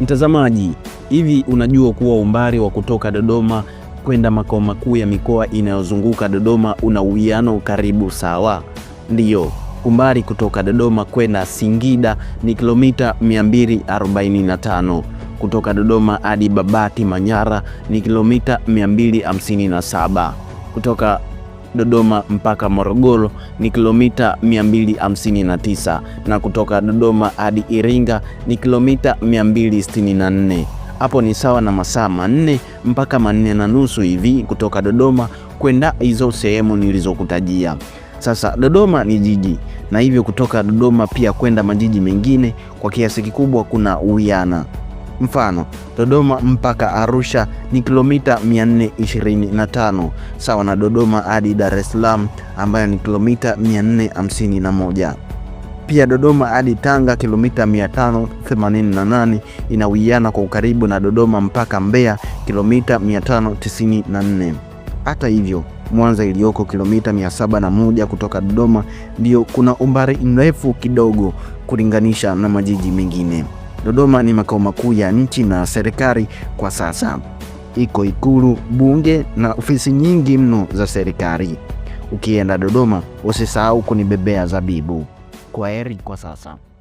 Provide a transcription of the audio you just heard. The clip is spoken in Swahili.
Mtazamaji, hivi unajua kuwa umbali wa kutoka Dodoma kwenda makao makuu ya mikoa inayozunguka Dodoma una uwiano karibu sawa? Ndiyo, umbali kutoka Dodoma kwenda Singida ni kilomita 245. Kutoka Dodoma hadi Babati Manyara ni kilomita 257. Kutoka Dodoma mpaka Morogoro ni kilomita 259 na kutoka Dodoma hadi Iringa ni kilomita 264. Hapo ni sawa na masaa manne mpaka manne na nusu hivi kutoka Dodoma kwenda hizo sehemu nilizokutajia. Sasa Dodoma ni jiji na hivyo kutoka Dodoma pia kwenda majiji mengine kwa kiasi kikubwa kuna uwiana. Mfano, Dodoma mpaka Arusha ni kilomita 425 sawa na Dodoma hadi Dar es Salaam ambayo ni kilomita 451. Pia Dodoma hadi Tanga kilomita 588 inawiana kwa ukaribu na Dodoma mpaka Mbeya kilomita 594. Hata hivyo Mwanza iliyoko kilomita 701 kutoka Dodoma ndio kuna umbali mrefu kidogo kulinganisha na majiji mengine. Dodoma ni makao makuu ya nchi na serikali kwa sasa iko Ikulu, Bunge na ofisi nyingi mno za serikali. Ukienda Dodoma usisahau kunibebea zabibu. Kwaheri kwa sasa.